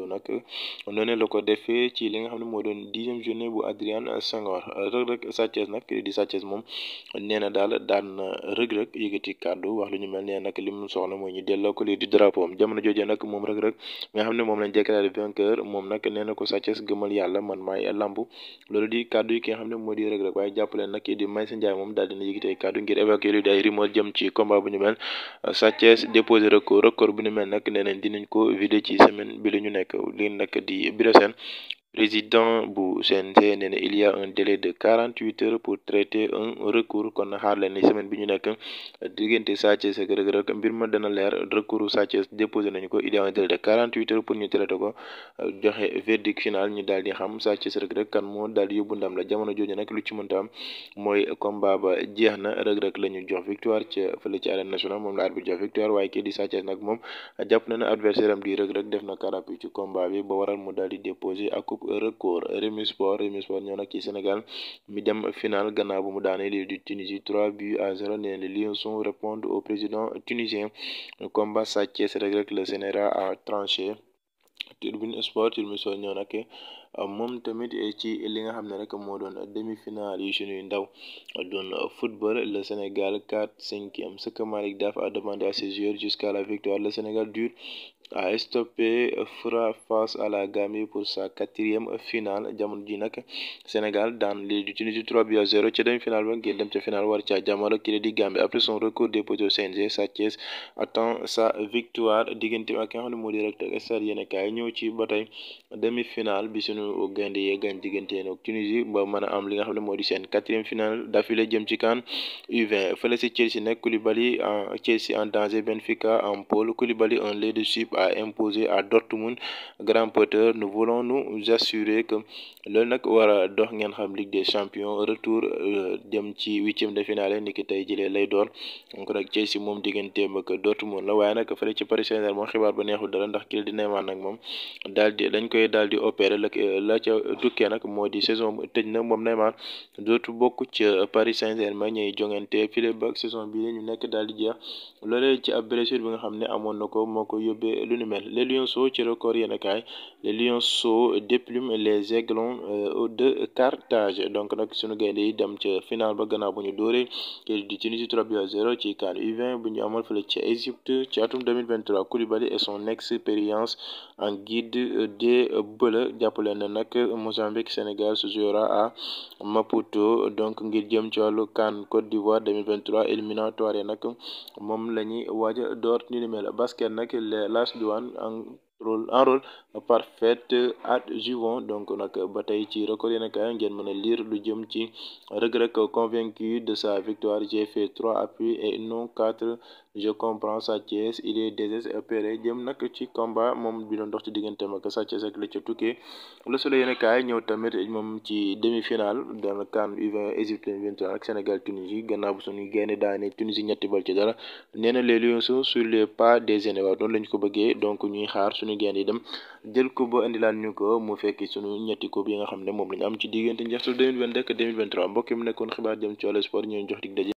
vidéo nag noonu la defee ci li nga xam ne moo doon dixième journée bu Adrien Senghor rëg-rëg Sathiès nag kii di Sathiès daal na rëg-rëg yëkkati kàddu wax lu ñu mel nee nag li mu soxla mooy ñu delloo ko lii di drapeau am moom rëg-rëg nga xam ne moom lañ déclaré vainqueur moom nag nee na ko Sathiès gëmal yàlla man maay lambu loolu di kàddu yi ki nga xam ne moo di rëg-rëg waaye jàppale nag kii di Maysa Ndiaye moom daal dina yëkkati kàddu ngir évacuer lii di ay jëm ci combat bu ñu mel Sathiès déposé recours recours bu ñu mel nag nee dinañ ko vidé ci semaine bi la ñu nekk nekk lii nekk di président bu CNG nee na il a un délai de 48 heures pour traiter un recours kon xaar leen semaine bi nekk diggante Sa Thiès ak Reug Reug dana leer recours Sa déposé nañu ko il a un délai de 48 heures pour ñu traiter ko joxe verdict final ñu di xam Sa Thiès Reug Reug kan moo daal di yóbbu ndam la jamono jooju nag lu ci mënta am mooy combat ba jeex na Reug Reug jox victoire ca fële ci arène nationale moom la arbitre jox victoire waaye record Rewmi Sport Rewmi Sport ñoo nag ci Sénégal mi dem final gannaaw bu mu daanee lii di Tunisie 3 buts à 0 nee les Lions répondent au président tunisien combat Sa Thiès Reug Reug le CNRA a tranché Tribune Sport Tribune Sport ñoo moom tamit eh, ci li nga xam ne rek moo doon demi-finale yu suñuy ndaw doon football le Sénégal 4-5e ce que Malick Daf a demandé à ses joueurs jusqu'à la victoire le Sénégal dure à stopper Fra face à la Gambie pour sa quatrième finale jamono ji nag Sénégal daan lii di Tunisie 3 buts à 0 ca demi-finale ba ngir dem ca finale war ca jamono ki la di Gambie après son recours déposé au CNG Sa Thiès attend sa victoire diggante ak moo di a kaay ñëw ci ba tey demi-finale bi suñu seenu gaynde yee gaañ digganteen ak Tunisie ba mën a am li nga xam ne moo di seen quatrième finale d'affilée jëm ci CAN U20 fële si Chelsea nag Koulibaly en Chelsea en danger Benfica en pôle Koulibaly un leadership à imposer à Dortmund grand porteur nous voulons nous assurer que loolu nag war dox ngeen xam Ligue des champions retour euh, dem ci huitième de finale niki tey jëlee lay door Chelsea moom digganteem ak Dortmund la waaye nag fële ci Paris saint moom xibaar ba neexul dara ndax kii di Neymar nag moom daal di dañ koy la ca tukkee nag moo di saison tëj na moom Neymar dootu bokk ci Paris Saint-Germain ñuy jongante file ba saison bi ñu nekk daal di jeex loolee ci ab blessure bi nga xam ne amoon na ko moo ko yóbbee lu ni mel les Lionceaux ci record yenn kaay les Lionceaux déplument les Aiglons euh, de Carthage donc nag suñu gaynde yi dem ca final ba gannaaw bu ñu dóoree kii di Tunisie 3 bi ci CAN u bu ñu amal fële ci Égypte ci atum 2023 Koulibaly et son expérience en guide des Bleus jàppale ne nag Mozambique Sénégal se jouera à Maputo donc ngir jëm ci wàllu CAN Côte d'Ivoire 2023 éliminatoire yi nag moom la ñuy waaj a door ni mel basket nag les Las Douanes en rôle en rôle parfaite adjuvant donc nag ba tey ci record yéen kaay ngeen mën a liir lu jëm ci Reug Reug convaincu de sa victoire j'ai fait trois appuis et non quatre je comprends Sa Thiès il est désespéré jëm nag ci combat moom bi doon dox ci digganteem ak Sa Thiès ak la ca tukkee le soleil yéen ñëw tamit moom ci demi-finale dana CAN U20 Égypte 2023 ak Sénégal Tunisie gannaaw bu suñu génne daanee Tunisie ñetti bal ci dara nee na les lions sont sur les pas des Générations noonu lañ ko bëggee donc ñuy xaar suñu génn yi dem jël ko ba indilaan ñu ko mu fekki suñu ñetti coupe yi nga xam ne moom la ñu am ci diggante njeextu 2022 ak 2023 mbokk mi nekkoon xibaar jëm ci wàllu sport ñooñu jox dig daje.